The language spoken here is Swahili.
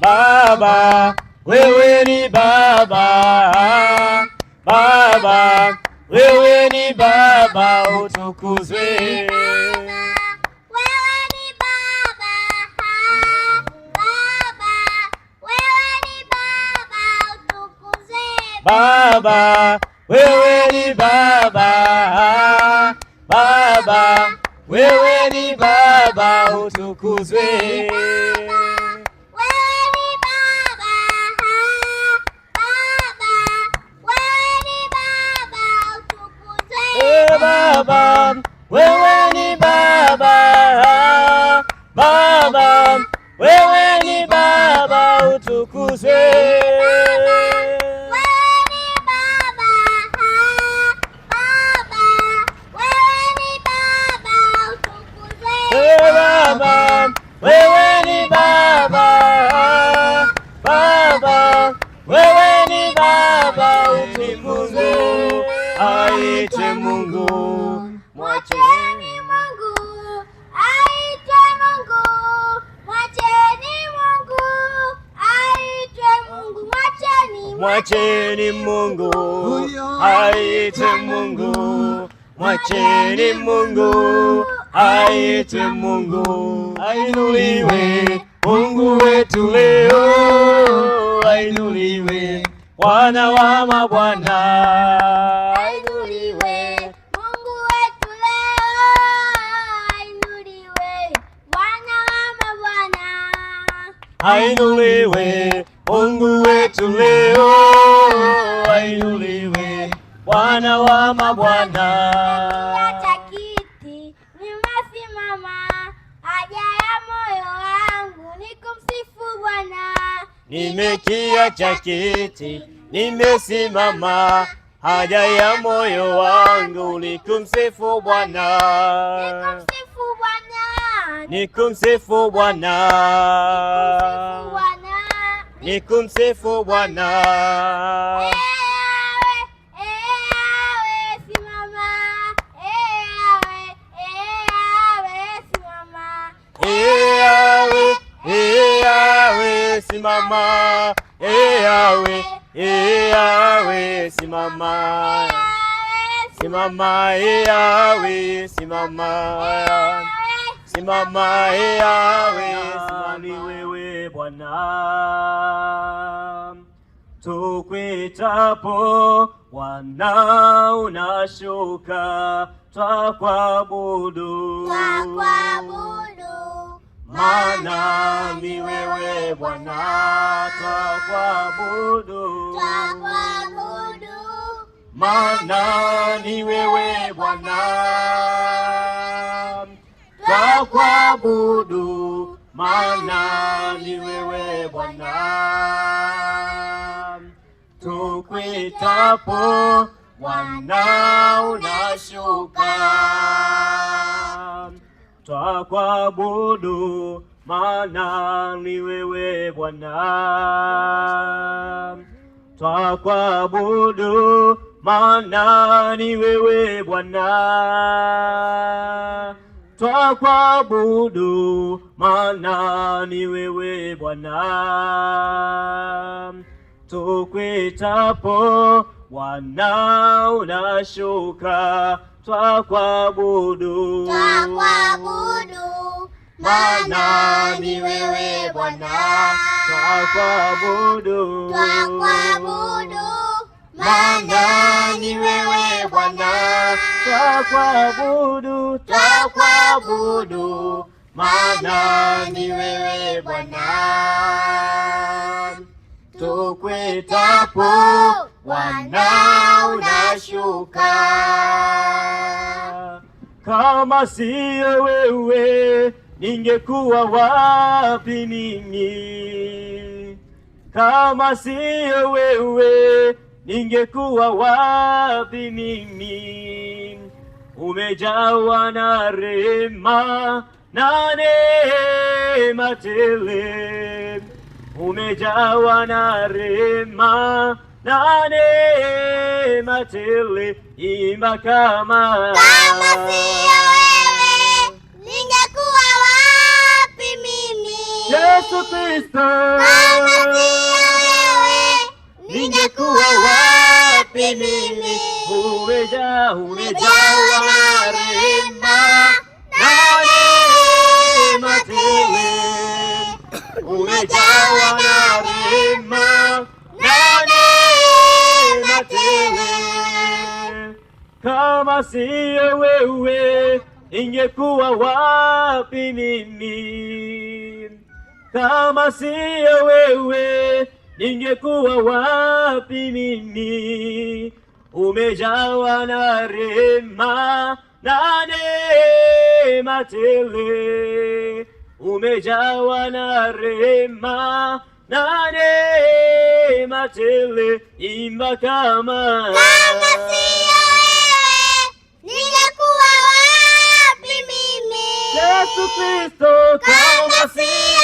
Baba, wewe ni Baba, Baba, wewe ni Baba, utukuzwe Baba, wewe ni Baba, Baba, wewe ni Baba, utukuzwe Baba, wewe ni Baba, Baba, wewe ni Baba, utukuzwe aite Mungu, mwacheni Mungu, aite Mungu, mwacheni Mungu, aite Mungu, mwacheni, mwacheni Mungu, aite Mungu, mwacheni Mungu, aite Mungu, ainuliwe Mungu wetu leo, ainuliwe Bwana wa mabwana ainuliwe Mungu wetu leo, ainuliwe Bwana wa mabwana. Acha kiti nimesimama, haja ya moyo wangu ni kumsifu Bwana. Nimekiacha kiti nimesimama, haja ya moyo wangu Bwana. Nikumsifu Bwana, nikumsifu Bwana. Simama, eh Yahweh, eh simama, simama, eh Yahweh, simama. Simama Yahweh, simama ni wewe Bwana, tukwitapo wana unashuka, twakwabudu mana ni wewe Bwana, twakwabudu mana ni wewe Bwana kuabudu, maana ni wewe Bwana. Tukuitapo Bwana unashuka, twakuabudu, maana ni wewe Bwana. Twakuabudu, maana ni wewe Bwana twakuabudu, maana ni wewe Bwana. Tukwitapo Bwana unashuka, twakuabudu, twakuabudu, maana ni wewe Bwana, twakuabudu, twakuabudu maana ni wewe Bwana, twakuabudu, twakuabudu, maana ni wewe Bwana. Tukwitapo wana unashuka, kama siyo wewe ningekuwa wapi mimi? Kama siyo wewe ningekuwa wapi mimi? Umejawa na rema na neema tele, umejawa na rema na neema tele. Imba kama Yesu Kristo umejaa rehema na neema tele, umejaa rehema na neema tele. Kama siye wewe, ingekuwa wapi mimi? Kama siye wewe, ingekuwa wapi mimi? umejawa na rehema na neema tele, umejawa na rehema na neema tele. Imba kama Yesu Kristo kama si